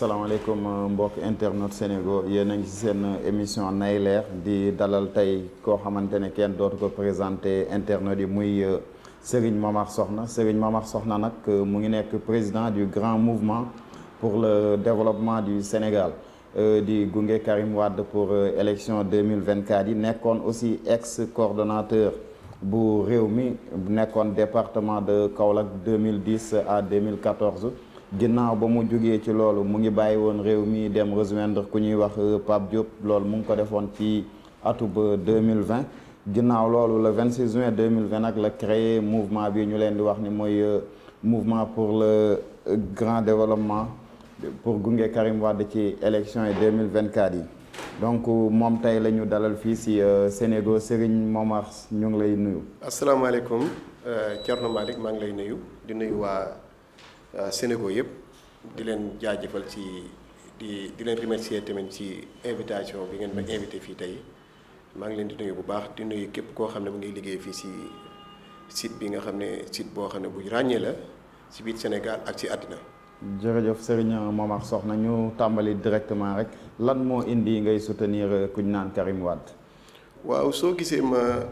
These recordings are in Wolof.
asalaamaaleykum euh, mbokk internet Sénégal yéen a ngi seen émission nay leer di dalal tey koo xamante ne kenn dootu ko présenté internet yi muy euh, Serigne Momar soxna Serigne Momar soxna nag euh, mu ngi nekk président du grand mouvement pour le développement du Sénégal di gunge Karim Wade pour élection 2024 yi nekkoon aussi ex coordonnateur bu réew mi nekkoon département de Kaolack dix à 2014 ginnaaw ba mu jógee ci loolu mu ngi bàyyi woon réew mii dem rejoindre ku ñuy wax euh, Pape Diop lool mu ngi ko defoon ci atub 2020 euh, ginnaaw loolu le 26 juin 2020 nag la créé mouvement bi ñu leen di wax ni mooy euh, mouvement pour le grand développement pour gunge Karim Wade ci élection yi 2024 yi donc moom tey la ñu dalal fii si Sénégal Serigne Momar ñu ngi lay nuyu asalaamaaleykum Thierno Malick maa ngi lay nuyu di nuyu waa Euh, Sénégal yëpp di leen jaajëfal ci di di leen remercier tamit ci invitation bi ngeen ma invité fii tey maa ngi leen di nuyu bu baax di nuyu képp koo xam ne mu ngi liggéey fii ci site bi nga xam ne site boo xam ne bu ràññee la ci biir Sénégal ak ci àddina. jërëjëf moom ak Soxna ñu tàmbali directement rek lan moo indi ngay soutenir euh, ku ñu naan Karim Wade. waaw soo gisee ma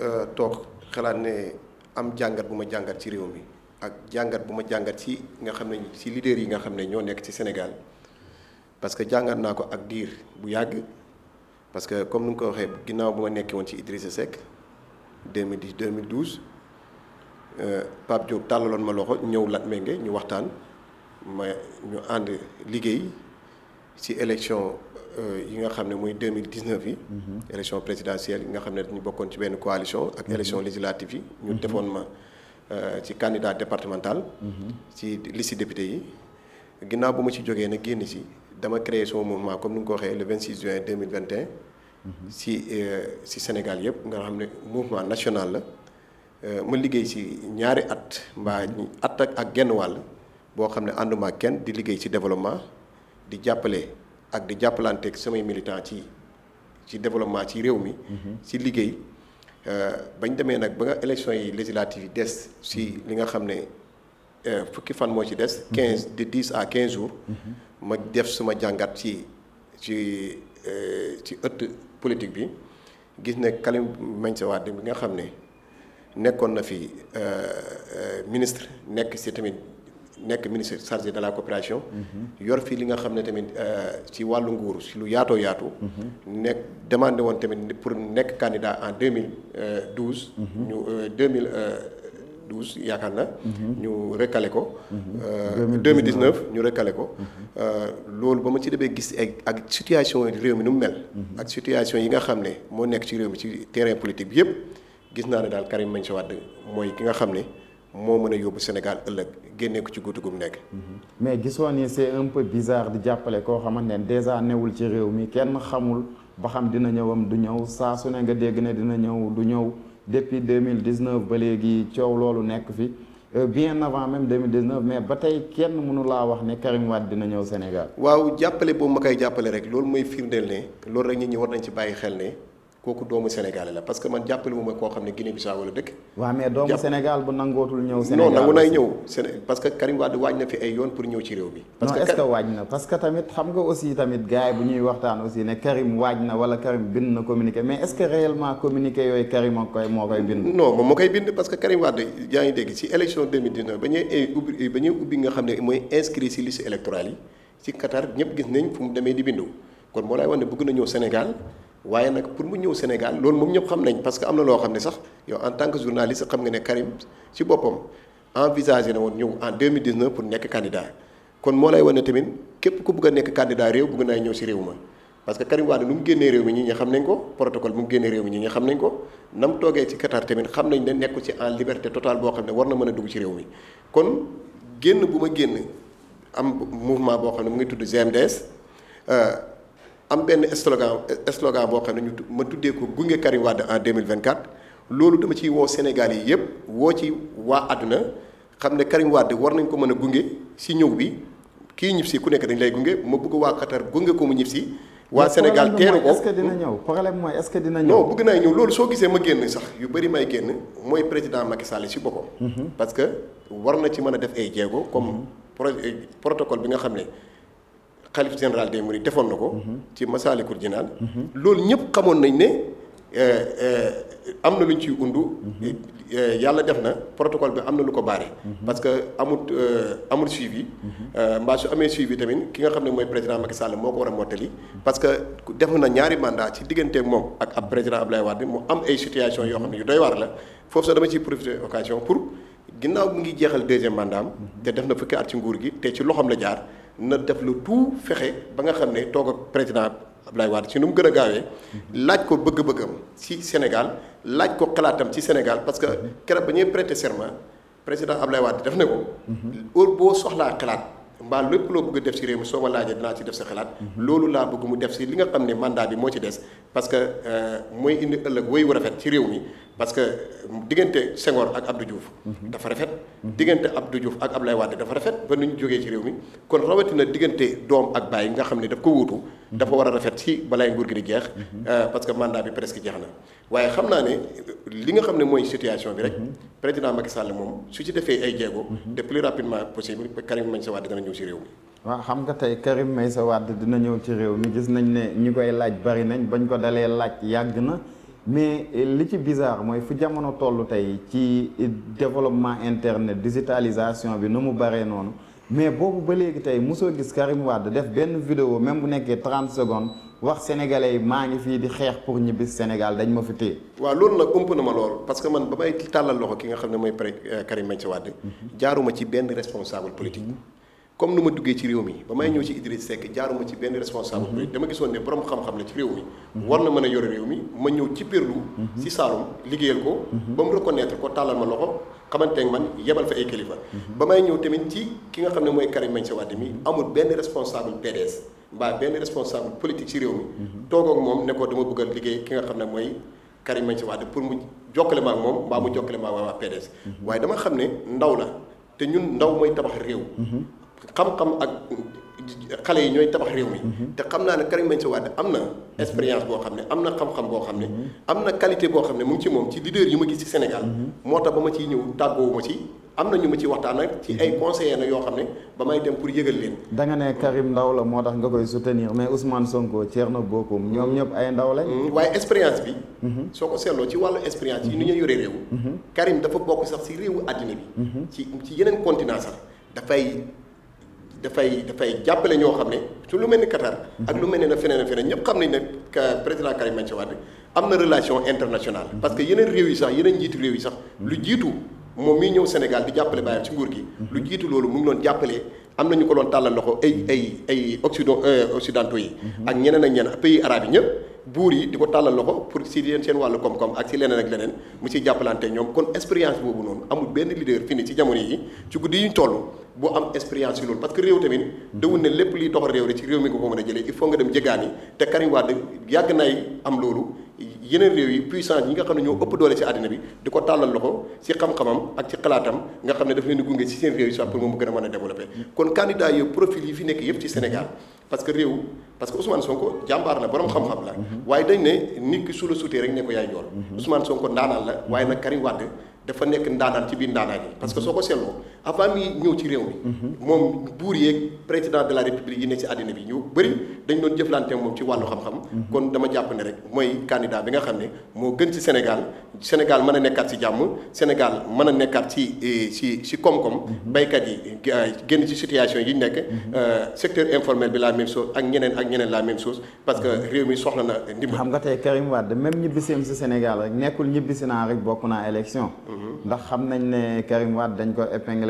euh, toog xalaat ne am jàngat bu ma jàngat ci réew bi ak jàngat bu ma jàngat ci nga xam ne ci lider yi nga xam ne ñoo nekk ci Sénégal parce que jàngat naa ko ak diir bu yàgg parce que comme ni nga ko waxee ginnaaw bu ma nekkee woon ci Idrissa Seck 2010 2012 euh, Pape Diop tàllaloon ma loxo ñëw la Latmingué ñu waxtaan ma ñu ànd liggéey ci élection euh, yi nga xam ne muy 2019 yi. Mm-hmm. élection présidentielle yi nga xam ne ñu bokkoon ci benn coalition. ak mm-hmm. élection législative yi. ñu mm-hmm. defoon ma. Euh, ci candidat départemental. Mhm. ci si député yi. ginnaaw bu ma ci jógee nag génn si dama créé sama mouvement comme ni nga ko waxee le 26 juin 2021. ci ci Sénégal yëpp nga xam ne mouvement national la. Euh, ma liggéey ci ñaari at mbaa at ak genn wàll boo xam ne ànduma kenn di liggéey ci développement di jàppale ak di jàppalanteeg samay militants ci ci développement ci réew mi. ci mhm. liggéey. Euh, bañ demee nag ba nga élection yi législative yi des si li nga xam ne euh, fukki fan moo ci des. Mhm. quinze de 10 à quinze jours. Mhm. ma def suma jàngat ci ci euh, ci ëtt politique bi gis ne Karim Meïssa Wade bi nga xam ne nekkoon na fi ministre nekk si tamit. nekk ministre chargé de la coopération. Mhm. yor fii li nga xam ne tamit euh, ci wàllu nguur si lu yaatoo yaatu. Mhm. nekk demandé woon tamit pour nekk candidat en 2012. Euh, mhm. ñu 2012 euh, yaakaar na. ñu recalé ko. 2019 ñu recalé ko. loolu ba ma ci demee gis ak situation réew mi nu mu mel. ak situation yi nga xam ne moo nekk ci réew mi ci terrain politique bi yëpp gis naa ne daal Karim Meïssa Wade mooy ki nga xam ne. moo mën a yóbbu Sénégal ëllëg génnee ko ci guutu gu mu nekk. Mhm. mais gisoo ni c'est un peu di jàppale koo xamante ne déjà newul ci réew mi kenn xamul ba xam dina ñëwam du ñëw saa su ne nga dégg ne dina ñëw du ñëw depuis deux mille dix neuf ba léegi coow loolu nekk fi euh, bien avant même deux mille dix neuf mais ba tey kenn mënu laa wax ne Karim Wade dina ñëw Sénégal. waaw jàppale boobu ma koy jàppale rek loolu mooy firndeel ne loolu rek nit ñu war nañ ci bàyyi xel ne. kooku doomu Sénégal la parce que man jàppale wu ma koo xam ne Guinée Bissau la dëkk. waaw mais doomu Sénégal bu nangootul ñëw. Sénégal non nangu ñëw Séné parce que Karim Wade waaj na fi bi parce que non est na parce que tamit xam nga aussi tamit gars yi bu ñuy waxtaan mais est-ce que réellement communiqué yooyu Karim moo koy moo koy bind. non moom moo koy bind parce que Karim nañ fu mu demee di bindu kon moo lay wax ne bëgg na ñëw Sénégal waaye nag pour mu ñëw Sénégal loolu moom ñëpp xam nañ parce que am na loo xam ne sax yow en tant que journaliste xam nga ne Karim ci boppam envisagé na woon ñëw en 2019 pour nekk candidat kon moo lay wane tamit képp ku bëgg a nekk candidat réew bëgg naa ñëw si réew ma parce que Karim Wade nu mu génnee réew mi ñi nga xam nañ ko protocole bu mu génnee réew mi ñi nga xam nañ ko nam toogee ci Qatar tamit xam nañ ne nekku ci en liberté totale boo xam ne war na mën a dugg ci réew mi génn bu ma génn am mouvement boo xam ne mu ngi tudd GMDS euh, am benn slogan slogan boo xam ne ñu ma tuddee ko gunge Karim Wade en 2024 loolu dama ciy woo Sénégal yi yëpp woo ci waa àdduna xam ne Karim Wade war nañ ko mën a gunge si ñëw bi kii ñib si ku nekk dañ lay gunge ma bëgg waa Qatar gunge ko mu ñib si waa Sénégal teeru ko est-ce que dina ñëw problème mooy est-ce que dina ñëw non bëgg ñëw loolu soo gisee ma génn sax yu bëri may génn mooy président Macky Sall si boppam mm-hmm. parce que war na ci mën a def ay jéego comme mm-hmm. projet protocole bi nga xam ne xalif général des mourides defoon na ko. Mhm. ci Masaalikul Jinaan. loolu ñëpp xamoon nañ ne euh, euh, am na lu ñu ciy undu. Mhm. Euh, yàlla def na protocole bi am na lu ko baare. Mhm. parce que amut amul suivi. mbaa su amee suivi tamit ki nga xam ne mooy président Macky Sall moo ko war a mottali. parce que def na ñaari mandat ci digganteeg moom ak ab président Abdoulaye Wade mu am ay situation yoo xam ne yu doy waar la foofu sax dama ciy profiter occasion pour ginnaaw mu ngi jeexal deuxième mandat am. te def na fukki at ci nguur gi te ci loxoom la jaar. na def le tout fexe ba nga xam ne toog ak président Abdoulaye waat ci nu mu gën a gaawee laaj ko bëgg-bëggam ci Sénégal laaj ko xalaatam ci Sénégal parce que keroog ba ñuy prêter serman président ab Abdoulaye Wade def ne ko. heure boo soxlaa xalaat mbaa lépp loo bëgg def ci réew mi soo ma laajee danaa ci def sa xalaat. loolu laa bëgg mu def si li nga xam ne mandat bi moo ci des parce que euh, mooy indi ëllëg woy a rafet ci réew mi. parce que diggante Senghor ak ab du Diouf. dafa rafet. diggante Abdou Diouf ak ab lay Wade dafa rafet ba nu ñu jógee ci réew mi kon rawatina diggante doom ak bàyyi nga xam ne daf ko wuutu. dafa war a rafet si balaay nguur gi di jeex. Euh, parce que mandat bi presque jeex na waaye xam naa ne euh, li nga xam ne mooy situation bi rek. président Macky Sall moom su ci defee ay jéego. te plus rapidement possible Karim Meïssa Wade dana ñëw si réew mi. waaw xam nga tey Karim Meïssa Wade dina ñëw ci réew mi gis nañ ne ñi koy laaj bari nañ bañ ko dalee laaj yàgg na. mais euh, li ci bizarre mooy fu jamono toll tey ci développement internet digitalisation bi na mu baree noonu mais boobu ba léegi tey mosoo gis Karim Wade def benn vidéo même bu nekkee 30 secondes wax sénégalais maa ngi fii di xeex pour ñibbi Sénégal dañ ma fi téye. waaw loolu nag ëmp na ma lool parce que man ba may tàllal loxo ki nga xam ne mooy euh, Karim Meïssa Wade mhm. jaaruma ci benn responsable politique. Mhm. comme nu ma duggee ci réew mi ba may mm-hmm. ñëw ci Idriss Seck jaaruma ci benn responsable bi mm-hmm. dama gisoon ne borom xam-xam la ci réew mi mm-hmm. war na mën a yore réew mi ma ñëw ci Pérou si saalum liggéeyal ko ba mu reconnaître ko tàllal ma loxo xamante ne man yebal fa ay kilifa ba may ñëw tamit ci ki nga xam ne mooy Karim Meïssa Wade mi amul benn responsable PDS mbaa benn responsable politique ci réew mi toog ak moom ne ko dama bugg a liggéey ki nga xam ne mooy Karim Meïssa Wade pour mu jokkale moom mbaa mu jokkale ma ak waa waaye dama xam ne ndaw la te ñun ndaw mooy tabax réew xam-xam ak xale yi ñooy tabax réew mi mhm. te xam naa ne Karim Meïssa Wade am na mhm. expérience boo xam ne am na xam-xam boo xam ne mhm. am na qualité boo xam ne mu ci moom ci leader yi ma gis ci Sénégal moo tax ba ma ciy ñëw tàggoowu ma ci am na ñu ma ci waxtaan ak ci ay conseillers na yoo xam ne ba may dem pour yëgal leen da nga ne Karim ndaw la moo tax nga koy soutenir mais Ousmane Sonko Thierno Bocoum ñoom ñëpp ay ndaw lañ mm, waaye expérience bi soo ko seetloo ci wàllu expérience yi ni ñu yoree réew Karim dafa bokk sax si réewu àddina bi ci ci yeneen continent sax dafay dafay dafay jàppale ñoo xam ne su lu mel ni Qatar. Mhm. ak lu mel ne na feneen ak feneen ñëpp xam nañ ne président Karim Meïssa am na relation internationale. Mhm. parce que yeneen réew yi sax yeneen njiitu réew yi sax. Mhm. lu jiitu moom mi ñëw Sénégal di jàppale baayam ci nguur gi. lu jiitu loolu mu ngi doon jàppale. am na ñu ko loon tàllal loxo ay ay ay occident euh, occidentaux yi. Mhm. ak ñeneen ak ñeneen pays arabes yi ñëpp. buur yi di ko tàllal loxo pour si leen seen wàllu koom-koom ak si leneen ak leneen mu si jàppalante ñoom kon expérience boobu noonu amul benn leader fini si jamono yi ci guddi yi ñu toll bu am expérience si loolu parce que réew tamit dawul ne lépp liy doxal réew rek ci réew mi nga ko mën a jëlee il faut nga dem jéggaani te Karim yàgg nay am loolu yeneen réew yi puissance yi nga xam ne ñoo ëpp doole si àddina bi di ko tàllal loxo si xam-xamam ak ci xalaatam nga xam ne daf leen di gunge si seen réew yi sax pour moom gën a mën a développé kon candidat yooyu profil yi fi nekk yëpp ci Sénégal parce réew parce que Sonko jàmbaar la borom xam-xam la waaye dañ ne nit ki su la sutee rek ne ko yaay njool Ousmane Sonko ndaanaan la waaye nag Karim Wade dafa nekk ndaanaan ci biir ndaanaan yi parce que soo ko seetloo avant mi ñëw ci réew mi moom buur yeeg président de la république yi nekk ci àddina bi ñu bëri dañ doon jëflante moom ci wàllu xam-xam kon dama jàpp ne rek mooy candidat bi nga xam ne moo gën ci Sénégal Sénégal mën a nekkaat ci jàmm Sénégal mën a nekkaat ci eh, ci ci koom baykat yi eh, génn ci situation yi nekk euh, secteur informel bi la même chose ak ñeneen ak ñeneen la même chose parce que réew mi soxla na ndimbal xam nga tey Karim Wade même ñibbiseem ci Sénégal rek nekkul ñibbisi naa rek bokk naa élection mhm. ndax xam dañ ko épinglé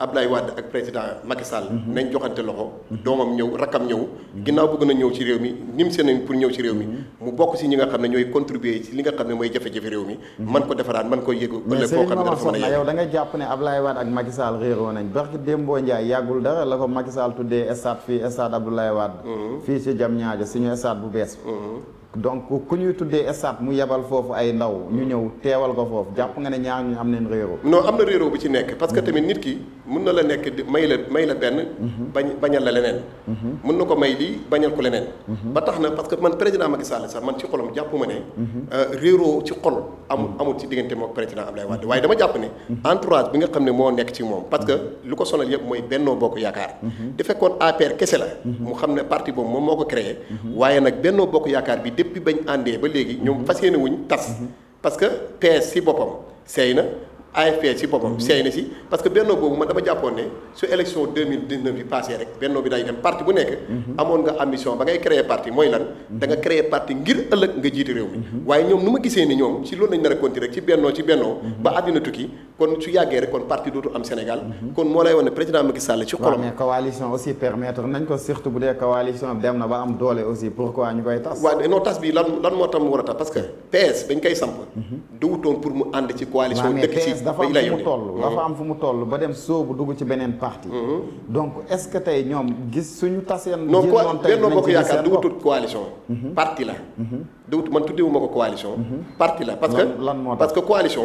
Abdoulaye Wade ak président Macky Sall. Mhm. nañ joxante loxo. doomam ñëw rakkam ñëw. Mhm. ginnaaw bëgg na ñëw ci réew mi nim seen nañ pour ñëw ci réew mi. Mhm. mu bokk si ñi nga xam ne ñooy contribuer ci li nga xam ne mooy jafe-jafe réew mi. man ko defaraat man ko yëgu. ëllëg koo xam ne dafa a yow jàpp ne Abdoulaye Wade ak Macky Sall réeroo nañ barki Dembo Ndiaye yàggul dara la ko Macky Sall tuddee stade fii stade Abdoulaye Wade. fii ci Diamniadio suñu stade bu bees. donc ku ñuy tuddee stade mu yebal foofu ay ndaw ñu ñëw teewal ko foofu jàpp nga ne ñaar ñu am neen réeroo non am na réeroo bu ci nekk parce que tamit nit ki mun na la nekk may la may la benn mhm. bañ bañal la leneen mun mhm. na ko may lii bañal ko leneen mhm. ba tax na parce que man président Macky Sall sax man ci xolam jàpp ma ne euh, réeroo ci xol amul amul ci diggante moom président Abdoulaye Wade waaye dama jàpp ne entourage bi nga xam ne moo nekk ci moom parce que lu ko sonal yëpp mooy Benno Bokk Yaakaar di fekkoon APR kese la mu xam ne moom moo ko créé waaye depuis bañ àndee ba léegi ñoom fas yéene wuñ tas mm-hmm. parce que PS si boppam seey na AFP si boppam mhm. seey na si parce que bennoo boobu man dama jàppoon ne su élection 2019 bi passé rek bennoo bi day dem parti bu nekk mhm. amoon nga ambition ba ngay créer parti mooy lan mhm. da nga créer parti ngir ëllëg nga jiite réew mi waaye ñoom nu ma gisee ni ñoom si loolu lañ nar a rek ci bennoo ci bennoo ba àddina tukki kon su yàggee rek kon parti dootu am Sénégal kon moo lay wane président Macky Sall ci xolam mais coalition aussi permettre dafa am fu mu toll mm-hmm. am fu mu toll ba dem sóobu dugg ci beneen parti mm-hmm. donc est-ce que tey ñoom gis suñu taseen non Benno Bokk Yaakaar dugutul coalition mm-hmm. parti la dugut man tuddiwuma ko coalition parti la parce que lan moo tax parce que coalition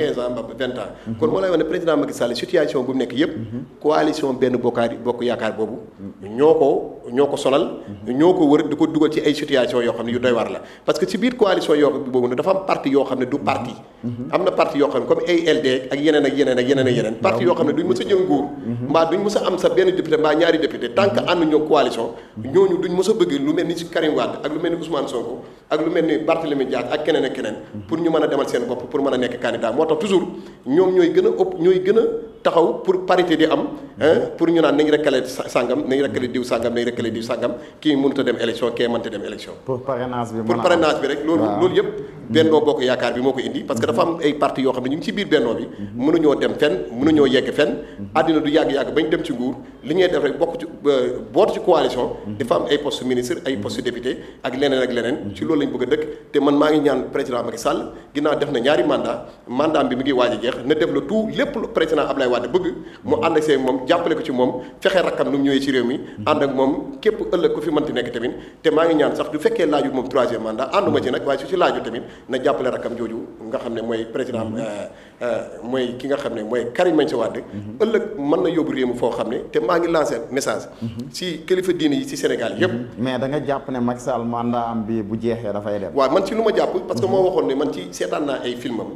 15 kon moo lay ne président Macky Sall bu nekk yëpp. coalition benn bokk yaakaar boobu. ñoo ko ñoo ko solal. ñoo ko wër di ko dugal ci ay situation yoo xam ne yu doy war la parce que ci biir coalition yoo xam ne dafa am yoo xam ne du parti. am na parti yoo xam ne comme ALD ak yeneen ak yeneen ak yeneen ak yeneen. parti yoo xam ne duñ mës a jël nguur. mbaa duñ mës a am sa benn député mbaa ñaari député tant que ñoo coalition. moo toujours ñoom ñooy gën a ëpp ñooy gën a taxaw pour parité di am mhm. pour ñu naan nañ rekkale sàngam nañ rekkale diw sàngam nañ rekkale diw sàngam kii mënut a dem élection kee mënta dem élection pour parrainage bi pour parrainage bi mhm. am mhm. ay parti yoo xam ne ñu ngi ci biir bennoo bi mënuñoo dem fenn mënuñoo yegg dem ci nguur li ñuy def rek bokk ci am ay poste ministre ay poste député ak leneen ak leneen ci loolu lañ bëgg a dëkk te man maa ngi ñaan président Macky Sall ginnaaw def na ñaari mandat mandat Abdoulaye Wade bëgg mu ànd ak see moom jàppale ko ci moom fexe rakkam nu mu ñëwee ci réew mi ànd ak moom képp ëllëg ku fi mënti nekk tamit te maa ngi ñaan sax du fekkee laaju moom troisième mandat ànduma ci nag waaye su ci laaju tamit na jàppale rakkam jooju nga xam ne mooy président mm-hmm. euh, Euh, mooy ki nga xam ne mooy Karim waa Wade mhm. ëllëg mën na yóbbu réew mi foo xam ne te maa ngi lancé message si mhm. kilifa diine yi si Sénégal yëpp mhm. mais danga jàpp ne Macky Sall mandat am bi bu jeexee dafay dem waa man si lu ma jàpp parce que moo waxoon ne man ci seetaan naa ay filmam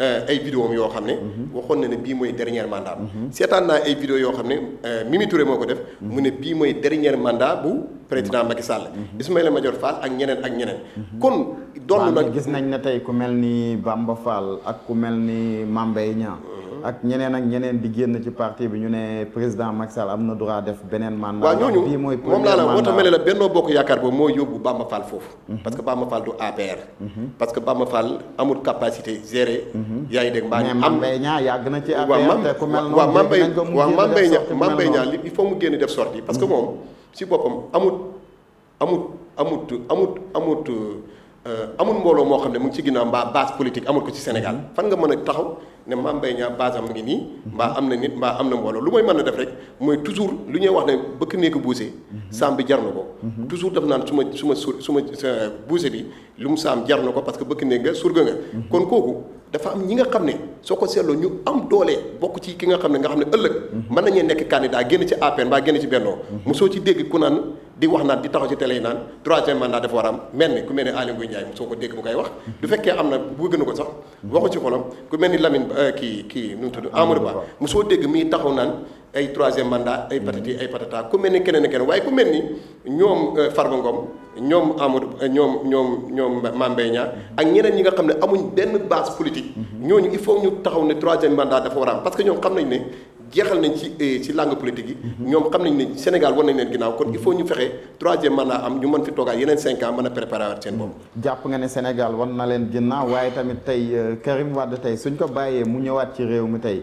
euh, ay vidéo am yoo xam ne waxoon na ne bii mooy dernier mandat seetaan naa ay vidéo yoo xam ne euh, Mimi Touré moo ko def mu ne bii mooy dernier mandat bu président Macky Sall. Mhm. Ismaïla Madior Fall ak ñeneen ak ñeneen. kon doon na gis nañ ne tey ku mel ni Bamba Fall ak ku mel ni Mame Mbaye Niang mhm. ak ñeneen ak ñeneen di génn ci parti bi ñu ne président Macky Sall am na droit def beneen mandat. waaw ñooñu moom laa la moo Bokk Yaakaar boobu moo yóbbu Bamba Fall foofu. Mhm. parce que Bamba Fall du APR. parce que Bamba Fall amul capacité gérer. yaa ngi dégg mbaa ñu am mais yàgg na ci APR. te ku mel noonu waaw Mame Mbaye Niang Mame mu génn def sortie parce que moom. si boppam amut amut amut amut amut euh, amul mbooloo moo xam ne mu ngi ci ginnaaw mbaa base politique amul ko ci Sénégal mm-hmm. fan nga mën a taxaw ne Mame Mbaye Niang base am ngi nii mm-hmm. mbaa am na nit mbaa am na mbooloo lu may mën a def rek mooy toujours lu ñuy wax ne bëkk néeg buuse mm-hmm. saam bi jar na ko toujours daf naan su ma su ma su ma buuse bi lu mu saam jar na ko parce que bëkk néeg nga surga nga kon kooku dafa am ñi nga xam ne soo ko seetloo ñu am doole bokk ci ki nga xam ne nga xam ne ëllëg mën nañu nekk daa génn ci APR mbaa génn ci Benno mhm. mosoo ci dégg ku naan di wax naan di taxaw ci télé yi naan troisième mandat dafa war a am mel ni ku mel ne Aly Ngouille Ndiaye mosoo ko dégg bu koy wax mhm. du fekkee am na bëgg na ko sax mhm. waxu ci xolam ku mel ni Lamine euh, kii kii nu mu tudd Amadou Ba mosoo dégg muy taxaw naan ay troisième mandat ay patati ay patata ku mel ni keneen ak keneen waaye ku mel ni ñoom euh, Farba Ngom ñoom Amadou euh, ñoom ñoom ñoom Mame Mbaye ak ñeneen ñi nga xam ne amuñ benn base politique. Mhm. ñooñu il faut ñu taxaw ne troisième mandat dafa war a parce que ñoom xam nañ ne jeexal nañ ci euh, ci langue politique yi. Mhm. ñoom xam nañ ne Sénégal war nañ leen ginnaaw kon il faut ñu fexe troisième mandat am ñu mën fi toogaat yeneen cinq ans mën a préparer waat jàpp nga ne Sénégal war na leen ginnaaw waaye tamit tey Karim Wade tey suñ ko bàyyee mu ñëwaat ci réew mi tey.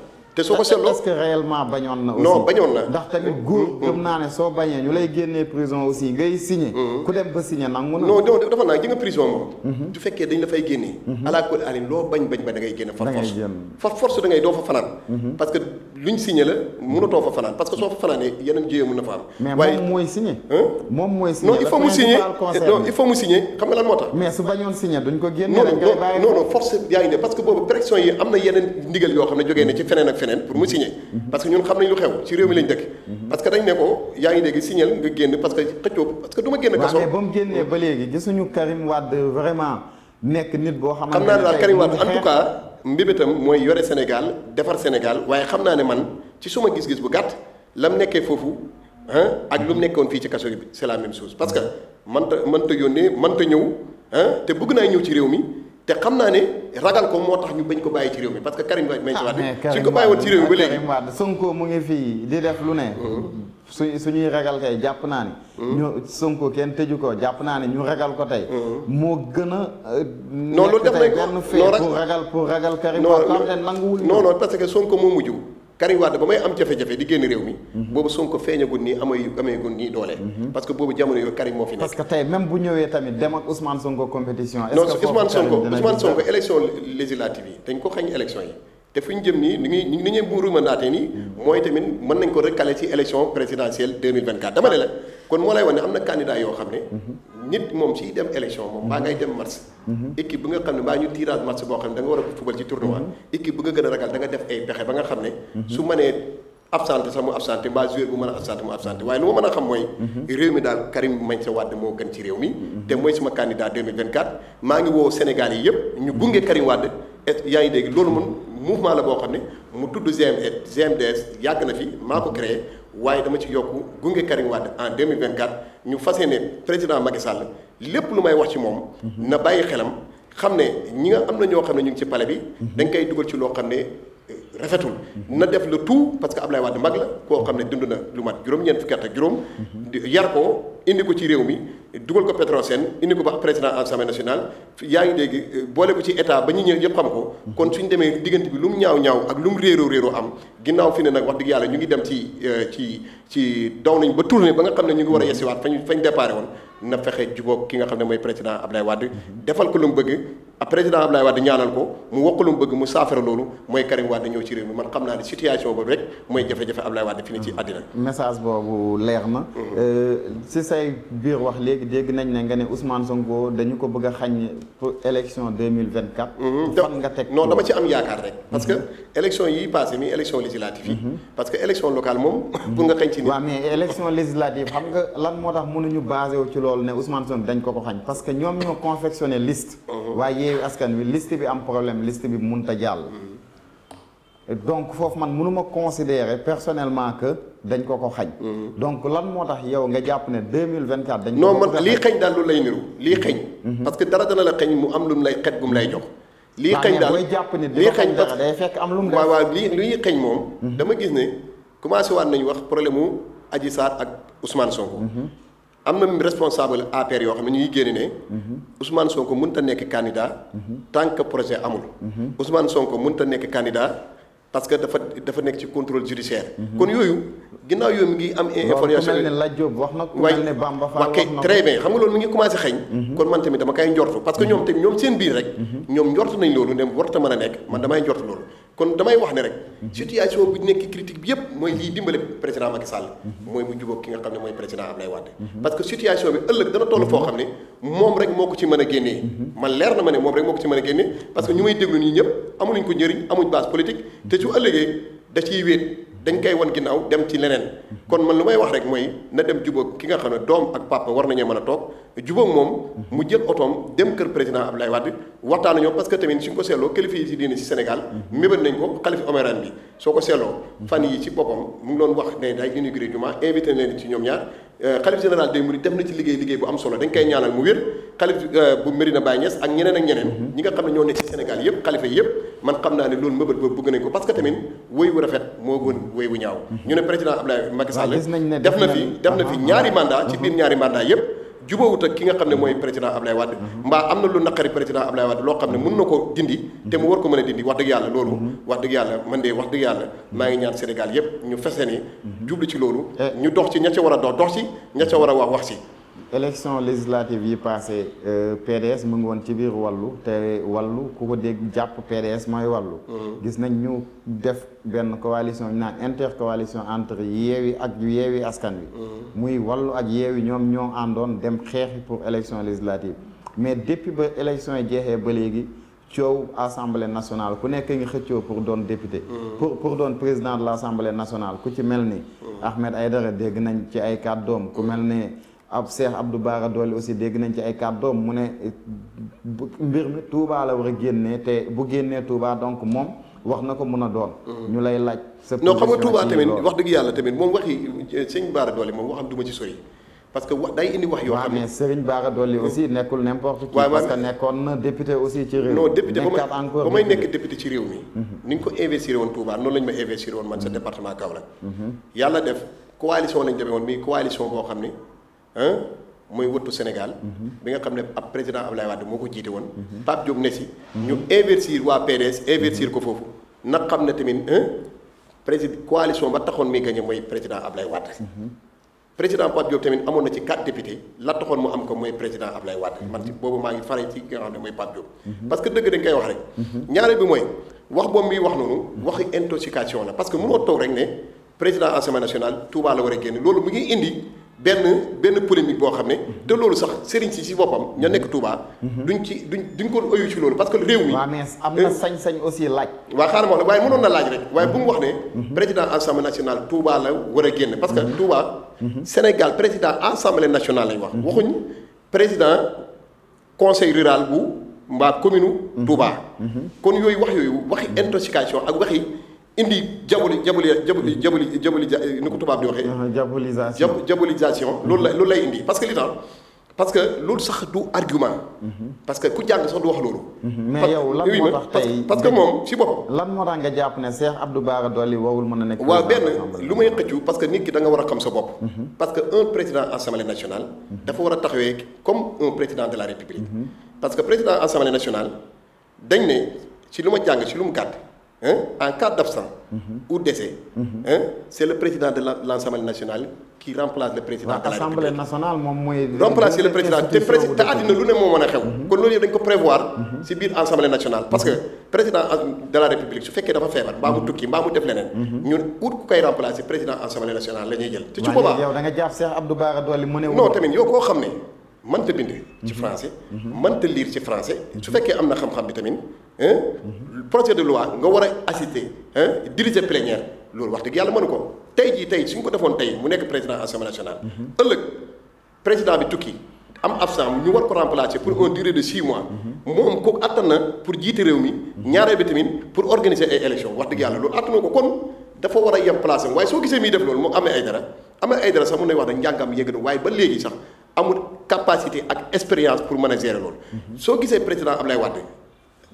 te soo ko seetloo est que réellement bañoon na. aussi non bañoon na ndax tamit góor mm-hmm. gëm naa ne soo bañee ñu lay génnee prison aussi ngay signé. Mm-hmm. ku dem ba signé nangu na. non non dafa naa ji prison moom. du mm-hmm. fekkee dañ dafay fay génnee. alaakulli Alioune loo bañ bañ ba da ngay génne. da ngay génn par force par da ngay doo fa fanaan. parce que luñ signé la mënatoo fa fanaan parce soo fa fanaanee yeneen jiyee mën na fa am. mais moom mooy signé. moom mooy signé non il faut su bañoon signé duñ ko génne. non force yaa ngi boobu pression yi am na yeneen ndigal yoo xam ne jógee na ci feneen ak feneen pour mu signé. Mhm. parce ñun xam nañ lu xew ci réew mi lañ dëkk. Mhm. parce dañ ne ko yaa ngi dégg nga génn parce xëccoo parce que génn kaso. nekk nit boo xam xam naa ne daal Karim Wade en tout cas mbébétam mooy yore Sénégal defar Sénégal waaye xam naa ne man ci suma gis-gis bu gàtt lam nekkee foofu ak lu mu nekkoon fii ci kaso bi c'est la même chose parce que mënta mënta yónnee manta ñëw te bëgg naa ñëw ci réew mi te xam naa ni ragal ko moo tax ñu bañ ko bàyyi ci réew mi parce que Karim Wade may ci ah, waat suñ ko bàyyi woon ci mu ngi fii di def lu ne mm-hmm. su suñuy ragal kay jàpp naa ni mm-hmm. ñu Sonko kenn tëju ko jàpp naa ne ñu ragal ko tey mm-hmm. moo gën a euh, non loolu def nañ ko benn fee pour ragal pour ragal Karim Wade xam ne nanguwul non non parce que Sonko moo mujj Karim Wade ba may am jafe-jafe di génn réew mi boobu Sonko feeñagul nii amay ameegul nii doole parce que boobu jamono yooyu Karim moo fi nekk parce que tey même bu ñëwee tamit dem ak Ousmane compétition non Ousmane Sonko Ousmane Sonko élection législative yi dañ ko xañ élection yi te fu ñu jëm nii ni ñuy ni ñuy buuru mandaate nii mooy tamit mën nañ ko recalé ci élection présidentielle 2024 dama ne la kon moo lay wane am na candidat yoo xam ne. nit moom siy dem élection moom mbaa ngay dem match. équipe bi nga xam ne mbaa ñu tirage match boo xam ne da nga war a fubal ci tournoi. équipe bi nga a ragal da nga def ay pexe ba nga xam ne. su mënee absenté sax mu absenté mbaa joueur bu man a absenté mu absenté waaye lu ma mën a xam mooy. réew mi daal Karim Meïssa Wade moo gën ci réew mi. te mooy suma candidat 2024 maa ngi woo Sénégal yi yëpp ñu gunge Karim Wade et yaa ngi dégg loolu moom mouvement la boo xam ne mu tudd GMS GMDS yàgg na fi maa ko créé. waaye dama ci yokku gunge Karim Wade en 2024 ñu fas yéene président Macky Sall lépp lu may wax ci moom. na bàyyi xelam xam ne ñi nga am na ñoo xam ne ñu ngi ci pale bi. dañ koy dugal ci loo xam ne euh, rafetul. na def le tout parce que Ablaye Wade mag la koo xam ne dund na lu mat juróom-ñeent fukki at juróom. Mm-hmm. yar ko. indi ko ci réew mi dugal ko Petrosen indi ko ba président assemblée nationale yaa ngi dégg euh, boole ko ci état ba ñu ñëw ñëpp xam ko. Mhm. kon suñ demee diggante bi lu mu ñaaw ñaaw ak lu mu réeroo réeroo am ginnaaw fi ne nag wax dëgg yàlla ñu ngi dem ci euh, ci ci daw nañ ba tourné ba nga xam ne ñu ngi war a ñu fañ fañ déparé woon. na fexe jubóog ki nga xam ne mooy président Abdoulaye Wade defal ko lu mu bëgg a ah président Abdoulaye Wade ñaanal ko mu wax lu mu bëgg mu saafara loolu mooy Karim Wade ñëw ci réew xam mm-hmm. na mm-hmm. euh, ne nga ne Ousmane Sonko dañu ko bëgg a xañ mm-hmm. mi élection législative yi parce lan moo tax mënuñu basé ci loolu loolu ne Ousmane Sonko dañ ko ko xañ parce que ñoom ñoo confectionné liste. Uh-huh. waaye Yewwi Askan Wi liste bi am problème liste bi munta jàll. Mm-hmm. donc foofu man mënu ma considérer personnellement que dañ ko ko xañ. Mm-hmm. donc lan moo tax yow nga jàpp ne 2024. dañ ko non man lii xañ daal lu lay niru lii xañ. Mm-hmm. parce que dara dana la xañ mu am lu mu lay xet mu lay jox. lii xañ daal booy jàpp ne lii xañ dara day fekk am lu mu def waaw waaw lii lii xañ moom. dama gis ne commencé waat nañu wax problème wu aji saat ak Ousmane Sonko. am na mu responsable APR yoo xam ne ñu ngi génne ne Ousmane Sonko mënut a nekk candidat tant que projet amul Ousmane Sonko mun a nekk candidat parce que dafa dafa nekk ci contrôle judiciaire kon yooyu ginnaaw yooyu mi ngi am information waay wax kay très bien xam nga loolu mi ngi commencé xeeñ mhm. kon man tamit dama koy njortu parce que ñoom tamit ñoom seen biir rek mhm. ñoom njort nañ loolu warta mën a nekk man damay njort loolu kon damay wax ne rek situation bi nekk critique bi yëpp mooy liy dimbale président Macky Sall mooy mu jubóog ki nga xam ne mooy président Abdoulaye Wade parce que situation bi ëllëg dana toll foo xam ne moom rek moo ko ci mën a génnee man leer na ma ne moom rek moo ko ci mën a génnee parce que ñu may déglu nii ñëpp amuñu ko njëriñ amuñ base politique te su ëllëgee da wéet dañ koy wan ginnaaw dem ci leneen kon man lu may wax rek mooy na dem jubóog ki nga xam ne doom ak papa war nañoo mën a toog jubóog moom mu jël otoom dem kër président Abdoulaye Wade waxtaan ñoo parce que tamit suñ ko seetloo kilifa yi si diine si Sénégal mébét nañ ko xalifa Omeran bi soo ko seetloo fan yi ci boppam mu ngi doon wax ne day inauguré jumaa invité leen ci ñoom ñaar xalif euh, général des mourides def na ci liggéey liggéey bu am solo dañ koy ñaanal mu wér xalif euh, bu Medina Baye Niass ak ñeneen ak ñeneen mhm. ñi nga xam ne ñoo nekk ci Sénégal yëpp xalifa yëpp man xam naa ne loolu mëbët boobu bëgg nañ ko parce que tamit woy wu rafet moo gën woy wu ñaaw mhm. ñu ne président Abdoulaye Macky Sall def na fi def na fi ñaari mandat ci mhm. biir ñaari mandat yëpp jubawut ak ki nga xam ne mooy président Ablaye Wade mbaa am na lu naqari président Ablaye Wade loo xam ne mun na ko dindi te mu war ko mën a dindi wax dëgg yàlla loolu wax dëgg yàlla man de wax dëgg yàlla maa ngi ñaan Sénégal yëpp ñu fese ni jublu ci loolu eh. ñu dox ci ña ca war a dox dox ci ña ca war a wax wax ci élection législative yi passé euh, PDS mu ngi woon ci biir wàllu te wàllu ku ko dégg jàpp PDS mooy wàllu mm-hmm. gis nañ ñu def benn coalition ñu naan intercoalition entre yeewi ak yeewi askan wi mm-hmm. muy wallu ak yeewi ñoom ñoo àndoon dem xeexi pour élection législative mais depuis ba élection yi jeexee ba léegi coow assemblée nationale ku nekk ngi xëccoo pour doon député mm-hmm. pour pour doon président de l' assemblée nationale ku ci mel ni Ahmed Aïdara dégg nañ ci ay kàddoom ku mel ne ab Cheikh Abdou Bara Dolly aussi dégg nañ ci ay kàddoom mu ne mbir mi tuubaa la war a génnee te bu génnee Touba donc moom wax na ko mun a doon. Mm-hmm. ñu lay laaj. sa non xam nga Touba tamit dëgg yàlla tamit moom waxi sëñ Bara Dolly moom waxam duma ci sori. parce que indi wax yoo xam ne Serigne Bara Dolly mm-hmm. aussi nekkul n'importe qui parce nekkoon na député aussi ci réew mi non député ba may nekk député ci réew mi mm-hmm. ni ñu ko investir woon Touba noonu lañu ma investir woon man sa département Kaolack yàlla def coalition lañ demee woon mii coalition boo xam ne muy wëttu Sénégal. Mhm. bi nga xam ne ab président Ablaye Wade moo ko jiite woon. Mhm. Pape Diop ne si. Mhm. ñu investir waa PDS investir ko foofu nag xam ne tamit président coalition ba taxoon muy gagné mooy président Ablaye Wade. président Pape Diop tamit amoon na ci quatre députés la taxoon mu am ko mooy président Ablaye Wade man ci boobu maa ngi faral ci ki mooy Pape Diop. parce que dëgg dañ wax rek. ñaareel bi mooy wax boobu muy wax noonu. waxi intoxication la parce que mënoo toog rek ne président assemblée nationale Touba la war a génn loolu mu ngi indi. benn benn polémique boo xam ne te loolu sax sëriñ si si boppam ña nekk Touba. Mhm. duñ ci duñ duñ ko ëyu ci loolu parce que réew mi. waaw mais am na euh, sañ-sañ aussi laaj. waaw xaaral ma wax la waaye mënoon na laaj rek waaye bu mu wax ne. Mhm. président assemblée nationale Touba la war a génn parce que mhm. Touba. Sénégal président assemblée national lay wax. waxuñ président conseil rural bu mbaa commune. Touba. kon yooyu wax yooyu waxi intoxication ak waxi. indi jaboli jaboli jaboli jaboli jaboli ni ko tubaab di waxee. Ah, jabolisation jabolisation loolu la loolu lay indi parce que li tax parce que loolu sax du argument. Mhm. parce que ku jàng sax du wax loolu. Mhm. mais yow lan moo tax tey parce que moom si boppam. lan moo tax nga jàpp ne Cheikh Abdou Bara Dolly wawul mën a nekk. waaw benn lu may xëccu parce que nit ki da nga war a xam sa bopp. Mhm. parce que un président assemblée nationale. dafa war a taxawee comme un président de la république. parce que président assemblée nationale dañ ne ci lu ma jàng ci lu mu gàtt. hein, en cas d'absence mmh. ou décès, hein, c'est le président de l'Assemblée nationale qui remplace le président de la République. nationale moom mooy. remplace le président te président te lu ne moo mën a xew. Mhm. kon loolu yëpp dañ ko prévoir. que mhm. président de la République su fekkee dafa feebar mbaa mu mhm. tukki mbaa mu def leneen. ñun ut ku koy remplacer président assemblée nationale la jël. te ci boobaa yow da nga jàpp Cheikh Abdou Bara Dolly mu ne non tamit yow koo xam ne mënta bind. ci français su fekkee am na xam bi tamit. projet de loi nga war a assister diriger plénière loolu wax dëgg yàlla mënu ko tey jii tey suñ ko defoon tey mu nekk président assemblée nationale. Mhm. ëllëg président bi tukki am absent ñu war ko remplacer pour une durée de six mois. Mhm. moom kooku attan na pour jiite réew mi. ñaareel bi tamit pour organiser ay élections wax dëgg yàlla loolu attanu ko kon dafa war a yem place am waaye soo gisee muy def loolu moom amee ay dara amee ay dara sax mun nañu wax ne njàngam waaye ba léegi sax amul capacité ak expérience pour mën a gérer loolu. Mhm. soo gisee président Ablaye Wade.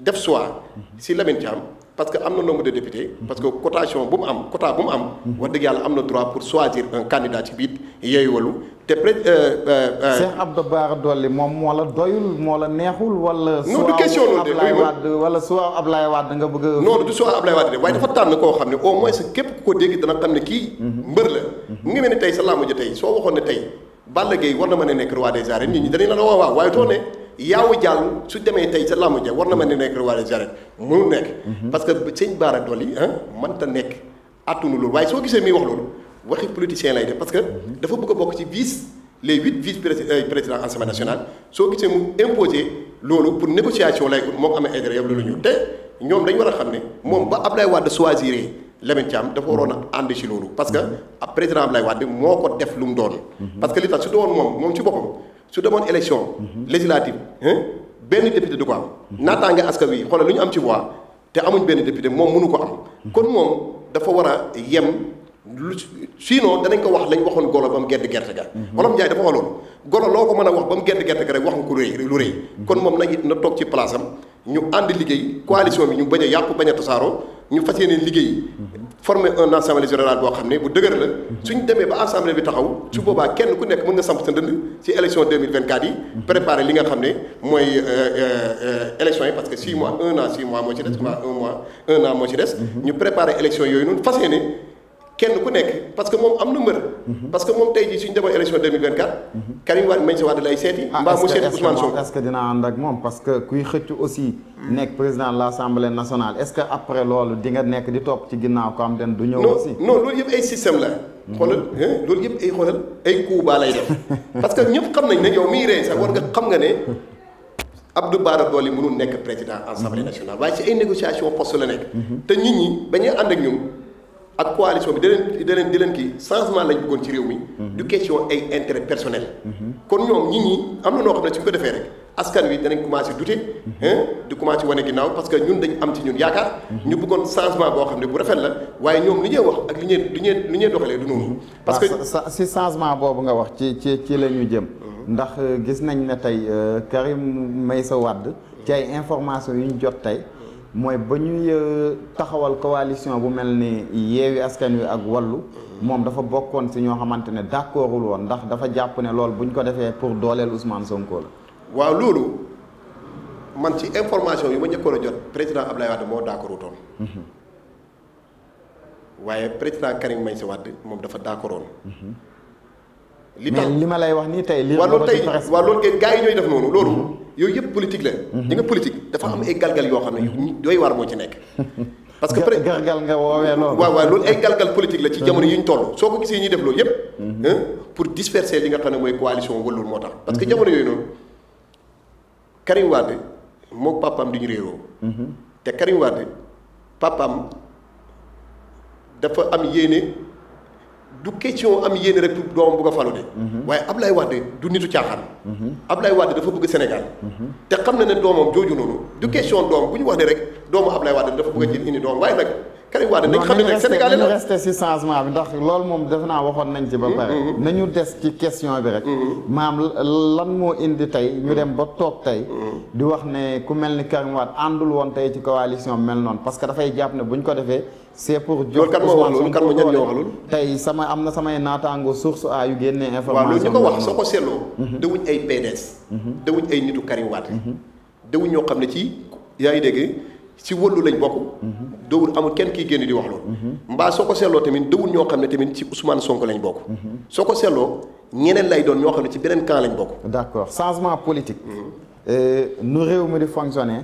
def choix si Lamine Thiam parce que am na nombre de député parce que cotation bu mu am cota bu mu am wax dëgg yàlla am na droit pour choisir un candidat ci biir Yewwi Wallu te pré. Euh, euh, euh, Cheikh Abdou Bara Dolly moom moo la doyul moo la neexul wala. non du question loolu wala su Ablaye Wade nga bëgg a. non du su Ablaye Wade de waaye dafa tànn koo xam ne au moins képp ku ko dégg dana xam ne kii. Mhm. mbër la mu ngi mel ni tey sa laamu ja tey soo waxoon ne tey Balla Gaye war na mën a nekk roi des arènes nit ñi dañu la la waaw ne. yaawu jàll su demee tey sa làmb ja war na ma a nekk roi des arènes mënul nekk. Mhm. parce que sëñ Bara Dolly ah mënta nekk attunu loolu waaye soo gisee muy wax loolu waxi politicien lay def parce que mhm. dafa bëgg a bokk ci vice les huit président euh, présidents assemblée nationale soo gisee mu imposé loolu pour négociation lay ut moo amee intérêt yow loolu ñu te ñoom dañu war a xam ne moom ba Ablaye Wade choisir Lamine am dafa waroon a ànd ci loolu parce que mhm. ab président moo ko def lu mu doon. parce que li tax su moom moom ci boppam. su demoon élection législative benn député du ko am naataange askan wi xoolal lu ñu am ci voix te amuñ benn député moom mënu ko am kon moom dafa war a yem lu sinon danañ ko wax lañ waxoon golo ba mu gedd gerte ga wolof Njaay dafa waxoon golo loo ko mën a wax ba mu gedd gerte ga rek wax nga ko lu rëy kon moom na it na toog ci place am ñu ànd liggéey coalition bi ñu bañ a yàqu bañ a tasaaroo ñu fas yéene liggéey former un assemblée générale boo xam ne bu dëgër la suñ demee ba assemblée bi taxaw su boobaa kenn ku nekk mën nga samp sa ndënd ci élection 2024 yi préparer li nga xam ne mooy euh, euh, élection yi parce que 6 mois 1 an 6 mois moo ci des mbaa 1 mois 1 an moo ci des mm-hmm. ñu préparer élection yooyu noonu fas yéene kenn ku nekk parce que moom am na mbër. Mhm. parce que moom tey jii suñu demoon élection 2024. Mhm. Karim Wade Meïssa Wade lay seeti. Ah, mbaa mu seeti Ousmane Sonko est ce que dina ànd ak moom parce que kuy xëcc aussi. Mhm. nekk président de l' assemblée nationale est ce que après loolu di nga nekk di topp ci ginnaaw ko am den du ñëw aussi. non non loolu yëpp ay système la. xoolal loolu yëpp ay xoolal ay coup baa lay def parce que ñëpp xam nañ ne yow miy rey sax war nga xam nga ne Abdou Bara Dolly mënul nekk président assemblée nationale waaye ci ay négociation poste la nekk. te nit ñi bañ a ànd ak ñun. ak coalition bi da leen da di leen kii changement lañ bëggoon ci réew mi. Mhm. du question ay intérêt personnel. kon ñoom ñi ñi am na noo xam ne suñ ko defee rek askan wi danañ commencé douter. Mhm. di commencé wane ginnaaw parce que ñun dañ am ci ñun yaakaar. Mhm. ñu bëggoon changement boo xam ne bu rafet la waaye ñoom li ñuy wax ak li ñuy li ñuy li ñuy doxalee du noonu. parce que si changement boobu nga wax ci ci ci la ñu jëm. ndax euh, gis nañ ne tey euh, Karim Meïssa Wade. ci ay information yu ñu jot tey. mooy ba ñuy euh, taxawal coalition bu mel ni yeewi askan wi ak wallu moom dafa bokkoon si ñoo xamante ne d'accordul woon ndax dafa jàpp ne lool bu ñu ko defee pour dooleel Ousmane Sonko la. waaw loolu man ci information yu ma njëkkoon a jot président Abdoulaye Wade moo d'accord wutoon mhm. waaye président Karim Meïssa Wade moom dafa d'accord woon mhm. li tax li ma lay wax nii tey. li ma ko ci presse waaw loolu tey gaa yi ñooy def noonu loolu. Mhm. yooyu yëpp politique la. Mhm. di nga politique dafa am ay galgal yoo xam ne mhm. yu doy waar moo ci nekk. parce que pré galgal nga woowee loolu. waaw waaw loolu ay galgal politique la ci mhm. jamono yi ñu toll soo ko gisee ñuy def loolu yëpp. pour disperser li nga xam ne mooy coalition wallul moo tax. parce que jamono yooyu noonu Karim Wade moog papaam di ñu réeroo. te Karim Wade papaam dafa am yéene. du question am yéene rek doomam bëgg a falu de. Mhm. waaye Ablaye Wade du nitu caaxaan. Mhm. Ablaye Wade dafa bëgg Sénégal. Mhm. te xam na ne doomam jooju noonu. du question doom bu ñu wax ne rek doomu Ablaye Wade dafa bëgg a jël indi doom waaye nag. Karim Wade dañ bi ndax loolu moom def waxoon nañ ci ba pare. nañu des ci question bi rek. maam lan moo indi tey ñu dem ba toog tey. di wax ne ku mel ni Karim Wade àndul woon tey ci coalition mel noonu parce que dafay jàpp ne bu ñu ko defee. c'est pour jox Ousmane kan moo ñan ñoo wax loolu tey sama am na samay naataango source a yu génne information waaw loolu ñu ko wax soo ko seetloo mhm. dawuñ ay PDS mhm. dawuñ ay nitu Karim Wade mhm. dawuñ ñoo xam ne ci yaa ngi dégg ci wëllu lañ bokk dawul amul kenn kiy génn di wax loolu mbaa soo ko seetloo tamit dawul ñoo xam ne tamit ci Ousmane Sonko lañu bokk soo ko seetloo ñeneen lay doon ñoo xam ne ci beneen camp lañ bokk d'accord changement politique euh, nu réew mi di fonctionner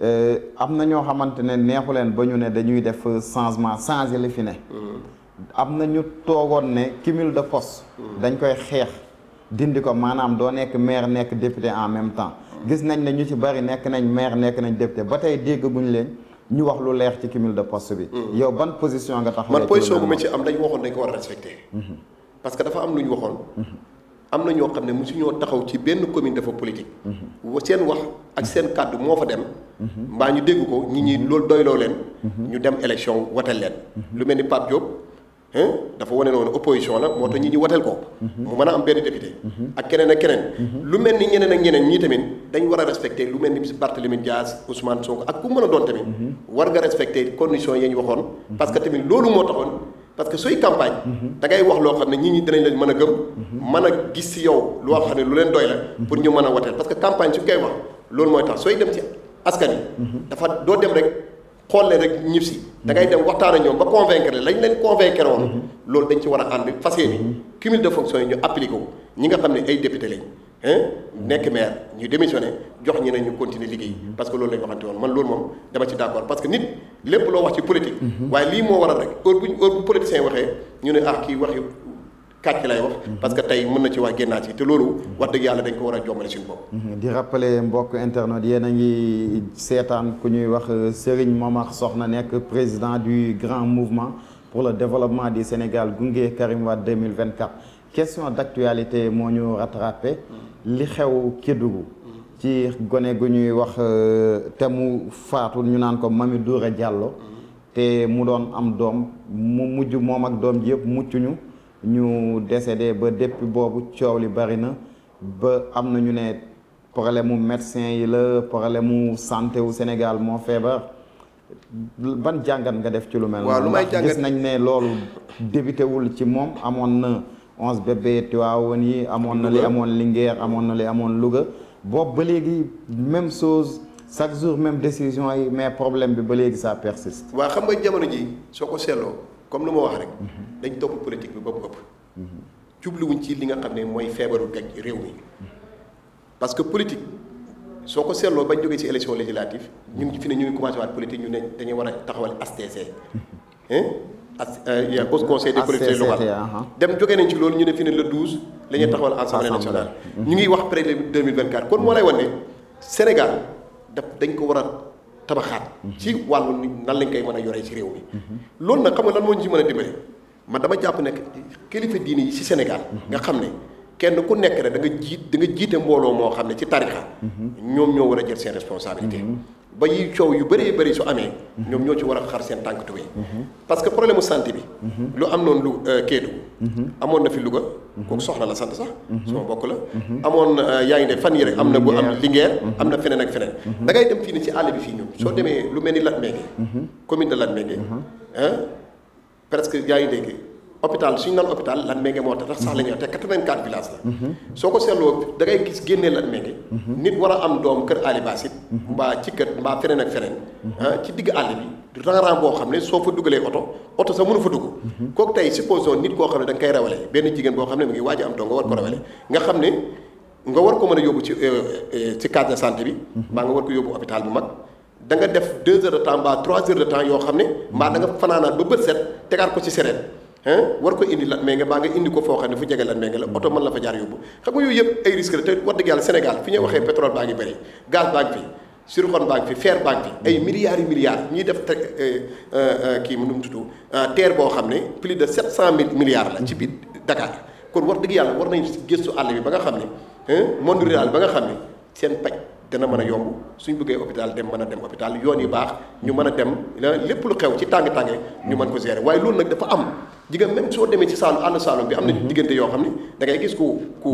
Euh, am na ñoo xamante ne neexu leen ba ñu ne dañuy def changement changer li fi ne. Mm-hmm. am na ñu toogoon ne cumul de poste. Mm-hmm. dañ koy xeex dindi ko maanaam doo nekk maire nekk député en même temps. Mm-hmm. gis nañ ne ñu ci bari nekk nañ maire nekk nañ député ba tey dégguñ leen ñu wax lu leex ci cumul de poste bi. yow ban position nga taxawee. man position gu ma ci am dañ waxoon dañ ko war a respecté. parce que dafa am lu ñu waxoon. am na ñoo xam ne mosuñoo taxaw ci benn commune dafa politique. seen wax ak seen kàddu moo fa dem. mbaa ñu dégg ko ñi ñi loolu doyloo leen. Mhm. ñu dem élection watal leen. lu mel ni Pape Diop. dafa wane ne woon opposition la moo tax ñi ñu watal ko. Mhm. mën a am benn député. Mhm. ak keneen ak keneen. lu mel ni ñeneen ak ñeneen ñii tamit dañ war a respecté lu mel ni si Barthélémy Dias Ousmane Sonko ak ku mën doon tamit. war nga conditions yi ñu waxoon. parce que tamit loolu moo taxoon. parce que suy campagne. Mhm. da ngay wax loo xam ne nit ñi dinañ leen mën a gëm. Mhm. mën a gis si yow loo xam ne lu leen doy la. Mhm. pour ñu mën a woteel parce que campagne su koy wax loolu mooy tax sooy dem ci askan yi. dafa doo dem rek xool leen rek ñib si. da ngay dem waxtaan ak ñoom ba convaincre leen lañ leen convaincre woon. loolu dañ ci war a ànd fas yéene cumul de fonction yi ñu appliqué ko ñi nga xam ne ay député lañ. nekk maire ñu démissionné jox ñi ne ñu continuer liggéey parce que loolu lañu waxante woon man loolu moom dama ci d'accord parce que nit lépp loo wax ci politique mhm. waaye lii moo waral rek heure bu heure bu politicien waxee ñu ne ah kii waxi kàcc lay wax mhm. parce que tey mën na ci wax génnaat yi te loolu mhm. wax dëgg yàlla dañ ko war a jombale suñu bopp di rappeler mbokk internet yéen a ngi seetaan ku ñuy wax euh, Serigne Momar Soxna nekk président du grand mouvement pour le développement du Sénégal gunge Karim Wade 2024 question d'actualité moo ñu rattrapé li xew Kédougou ci gone gu ñuy wax euh, te mu faatu ñu naan ko Mamy Doura Diallo te mu doon am doom mu mujj moom ak doom ji yëpp muccuñu ñu décédé ba depuis boobu coow li bari na ba am na ñu ne problème mu médecin yi la problème mu santé wu Sénégal moo feebar ban jàngat nga def ci lu mel. waaw lu nañ ne loolu moom amoon na. onze bébé Tiwaawoon yi amoon na li amoon Linguère amoon na li amoon Louga boobu ba léegi même sos chaque jour même décision yi mais problème bi ba léegi ça persiste waaw xam nga jamono ji soo ko seetloo comme lu ma wax rek dañ topp politique bi ba mu ëpp jubluwuñ ci li nga xam ne mooy feebaru gaj réew mi parce que politique soo ko seetloo bañ jógee ci élection législative ñu fi ne ñu ngi commencé waat politique ñu ne dañuy war a taxawal STC ak euh, au conseil des collectivités locales uh-huh. dem joge nañ ci loolu ñu ne fi ne le 12 la ñuy mm-hmm. taxawal assemblée nationale mm-hmm. ñu ngi wax près de 2024 kon moo lay wan ne Sénégal daf dañ ko war a tabaxaat mm-hmm. ci wàllu nan lañ koy mën a yoree ci réew mi loolu nag xam nga lan moo ñu ci mën a dimbale man dama jàpp ne kilifa diine yi ci Sénégal nga xam ne kenn ku nekk rek da nga jiit da nga jiite mbooloo moo xam ne ci tarixa ñoom ñoo war a jël seen responsabilité ba yi coow yu bëree bëri su amee ñoom ñoo ci war a xar seen tànk tubéy parce que problème mu santé bi lu am noonu lu euh, kéedu amoon na fi Louga kooku soxla la sant sax sama bokk la amoon euh, yaa ngi fan yi rek am na bu am Linguère mhm. am na feneen ak feneen mhm. da ngay dem fii ni ci àll bi fii ñun soo mhm. demee lu mel ni Latmingué commune de Latmingué ah presque yaa ngi dégg hôpital suñ naan hôpital Latmingué moo tax sax la ñuy wax te 84 la. Mhm. soo ko seetloo da ngay gis génnee Latmingué. Mhm. nit war a am doom kër Ali Basit. Mhm. mbaa ci kër mbaa feneen ak feneen. Ah, ci digg àll bi rang-rang boo xam ne soo fa dugalee oto oto sax mënu fa dugg. kooku tey supposons nit koo xam ne da nga koy rawale benn jigéen boo xam ne mu ngi waaj am doom nga war ko rawale nga xam ne nga war ko mën a yóbbu ci euh, euh, ci case de santé bi. mbaa nga war ko yóbbu hôpital mag. da nga def 2 heures de temps mbaa yoo xam ne mbaa da nga fanaanaat ba bët ko ci sereen war ko indi lan ménge mbaa nga indi ko foo xam ne fu jege lan ménge la oto mën la fa jaar yóbbu xam nga yooyu yëpp ay risque la te war dëgg yàlla Sénégal fi ñuy waxee pétrole baa ngi bëri gaz baa fi surxon baa fi fer baa fi ay milliards yu milliards ñuy def te euh, euh, kii mu nu mu tudd euh, terre boo xam ne plus de sept cent mille milliards la ci biir Dakar kon war dëgg yàlla war nañ gëstu àll bi ba nga xam ne monde rural ba nga xam ne seen paj dana mën a yomb suñ bëggee hôpital dem mën a dem hôpital yoon yi baax ñu mën a dem lépp lu xew ci tàng-tàngee ñu mën ko gérer waaye loolu nag dafa am jigéen même soo demee ci saalum àll saalum bi am na diggante yoo xam ne dangay gis ku ku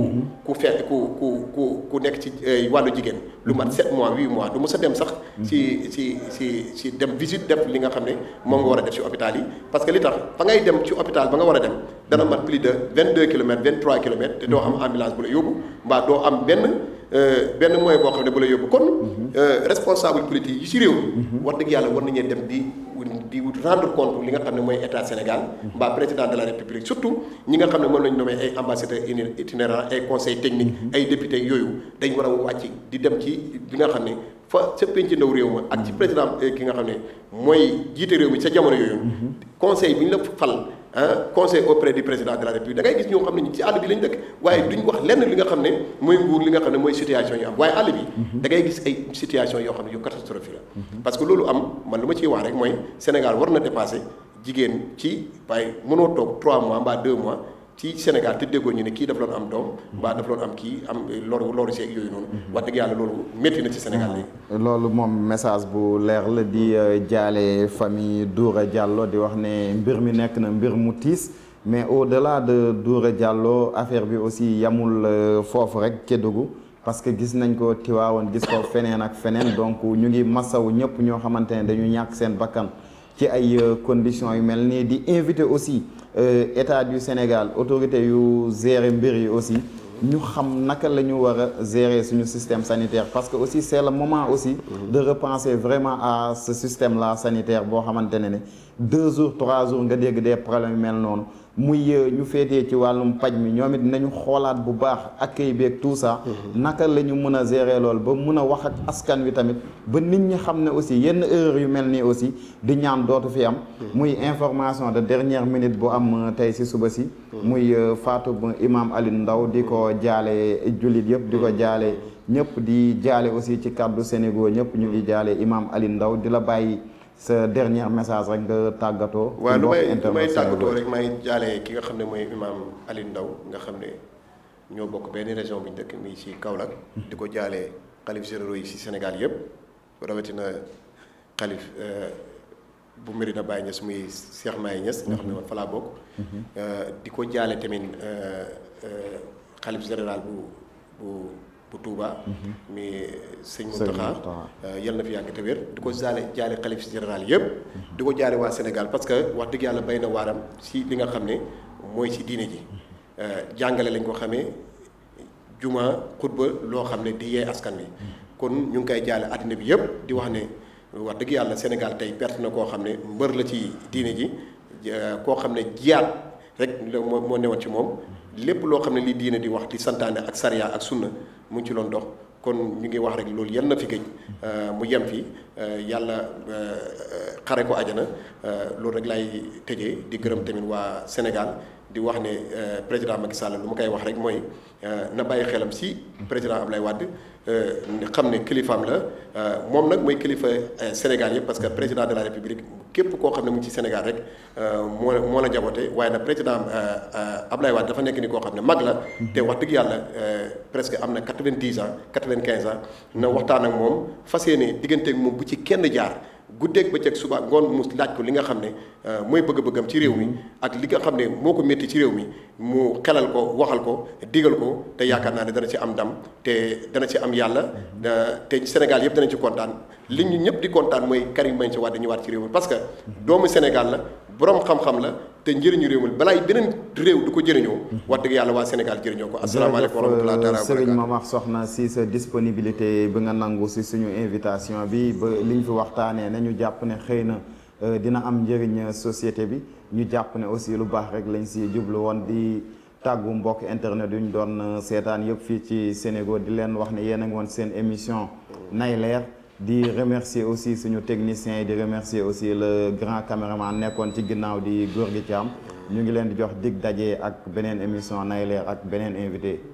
ku fekk ku ku ku ku nekk ci eh, wàllu jigéen lu mat 7 mois 8 mois du mës sa dem sax si si si si dem visit def li nga xam ne moom nga war a def si hôpital yi parce que li tax fa ngay dem ci hôpital ba nga war a dem dana mat plus de 22 kilomètres 23 kilomètres te doo am ambulance bu la yóbbu mbaa doo am benn Euh, benn mooy boo xam ne bu la yóbbu kon euh, responsable politique yi ci réew war dëgg yàlla war nañu dem di di rendre compte li nga xam ne mooy état Sénégal mbaa président de la surtout ñi nga xam ne moom lañu nommé ay ambassadeur itinérant ay conseil technique mhm. ay député yooyu dañ war a wàcc di dem ci bi nga xam ne fa sa penc ndaw réew ma ak ci mhm. président eh, ki nga xam ne mooy jiite réew mi sa jamono yooyu mhm. conseil bi ñu la fal ah conseil auprès du président de la république gis ñoo xam ne ñu ci àll bi lañ dëkk waaye duñ wax lenn li nga xam ne mooy nguur li nga xam ne mooy situation yu am waaye àll bi mhm. da gis ay situation yoo xam ne yu catastrophe la mhm. parce que loolu am man lu ma ciy wax rek mooy Sénégal war na dépasser jigéen ci waaye mënoo toog trois mois mbaa 2 mois ci Sénégal te déggoo ñu ne kii daf loon am doom mbaa daf loon am kii am loru loru seeg yooyu noonu mm-hmm. wax dëgg yàlla loolu métti na ci Sénégal mm-hmm. loolu moom message bu leer la di euh, jaale famille Doura jàlloo di wax ne mbir mi nekk na mbir mu tiis mais au-delà de Doura jàlloo affaire bi aussi yamul euh, foofu rek Kédougou parce que gis nañ ko Tiwaawoon gis koo feneen ak feneen donc ñu ngi masaw ñëpp ñoo xamante ne dañu ñàkk seen bakkan ci ay euh, conditions yu mel nii di invité aussi Euh, état du Sénégal autorité yu gérer mbir yi aussi ñu xam naka la ñu war a gérer suñu système sanitaire parce que aussi c'est le moment aussi de repenser vraiment à ce système la sanitaire boo xamante ne ne deux jours trois jours nga dégg des problèmes mel noonu muy euh, ñu féetee ci wàllum paj mi ñoom it nañu xoolaat bu baax ak beeg tout ça. Mm-hmm. naka la ñu mën a gérer lool ba mun a wax ak askan wi tamit ba nit ñi xam ne aussi yenn erreur yu mel nii aussi di ñaan dootu fi am. Mm-hmm. muy information de dernière minute bu am euh, tey si suba si. Mm-hmm. muy euh, faatu bu imaam Alioune Ndao di ko jaale jullit yëpp di ko jaale ñëpp di jaale aussi ci kàddu Sénégal ñëpp ñu ngi jaale imaam Alioune ndaw di la bàyyi. sa dernier message rek tàggatoo. waaw lu may lu may tàggatoo rek may jaalee ki nga xam ne mooy imaam Alioune ndaw nga xam ne ñoo bokk benn région bi ñu dëkk mii ci Kaolack. di ko jaale xalif généraux yi ci Sénégal yëpp rawatina xalif euh, bu Medina Baye Niass muy Cheikh Maye Niass. nga xam ne fa laa bokk. Mhm. Euh, di ko jaale tamit euh, xalif général bu bu. bu Touba. mais mhm. sëñ Mountakha euh, yal na fi yàgg te wér di ko mhm. jaale jaale xalif général yëpp. Mhm. di ko jaale waa Sénégal parce que wax dëgg yàlla bay na waaram si li nga xam ne mooy ci diine ji euh, jàngale lañ ko ne juma xutba loo xam ne di yee askan wi. kon ñu ngi koy jaale àddina bi yëpp di wax ne wax dëgg yàlla Sénégal tey perte na koo xam ne mbër la ci diine ji euh, koo xam ne jiyaat rek moo moo newoon ci moom. lépp loo xam ne li diine di wax di santaane ak sariya ak sunna mu ci loon dox kon ñu ngi wax rek loolu yal na fi gëj euh, mu yem fi euh, yàlla euh, xare ko ajana loolu rek lay tëjee di gërëm tamit waa Sénégal di wax ne euh, président Macky Sall lu ma koy wax rek mooy euh, na bàyyi xelam si président lay Ablaye Wade euh, xam ne kilifaam la moom nag mooy kilifa Sénégal yëpp parce que président de la République képp koo xam ne mu ngi ci Sénégal rek moo moo la jaboote waaye na président Ablaye Wade dafa nekk ni koo xam ne mag la te wax dëgg yàlla presque am na quatre-vingt-dix ans quatre-vingt-quinze ans na waxtaan ak moom fas yéene digganteeg moom bu ci kenn jaar guddeeg bëccëg suba ngoon mu laaj ko li nga xam ne euh, mooy bëgg-bëggam ci réew mi ak li nga xam ne moo ko métti ci réew mi mu xelal ko waxal ko digal ko te yaakaar naa ne dana ci am dam te dana ci am yàlla te Sénégal yëpp danañ ci kontaan li ñu ñëpp di kontaan mooy Karim Meïssa Wade ñëwaat ci réew mi parce que doomu Sénégal la borom xam-xam la te njëriñu réew mi balaay beneen réew du ko jëriñoo wax dëgg yàlla waa Sénégal jëriñoo ko asalaamaaleykum wa rahmatulah taala Sëriñ Soxna si sa disponibilité bi nga nangu si suñu invitation bi ba li fi waxtaanee ñu jàpp ne xëy na euh, dina am njëriñ société bi ñu jàpp ne aussi lu baax rek lañ si jublu woon di tàggu mbokk internet yu ñu doon euh, seetaan yëpp fii ci Sénégal di leen wax ne yéen a ngi woon seen émission nay leer di remercier aussi suñu technicien yi di remercier aussi le grand caméraman nekkoon ci ginnaaw di góor gi ci am ñu ngi leen di jox dig daje ak beneen émission nay leer ak beneen invité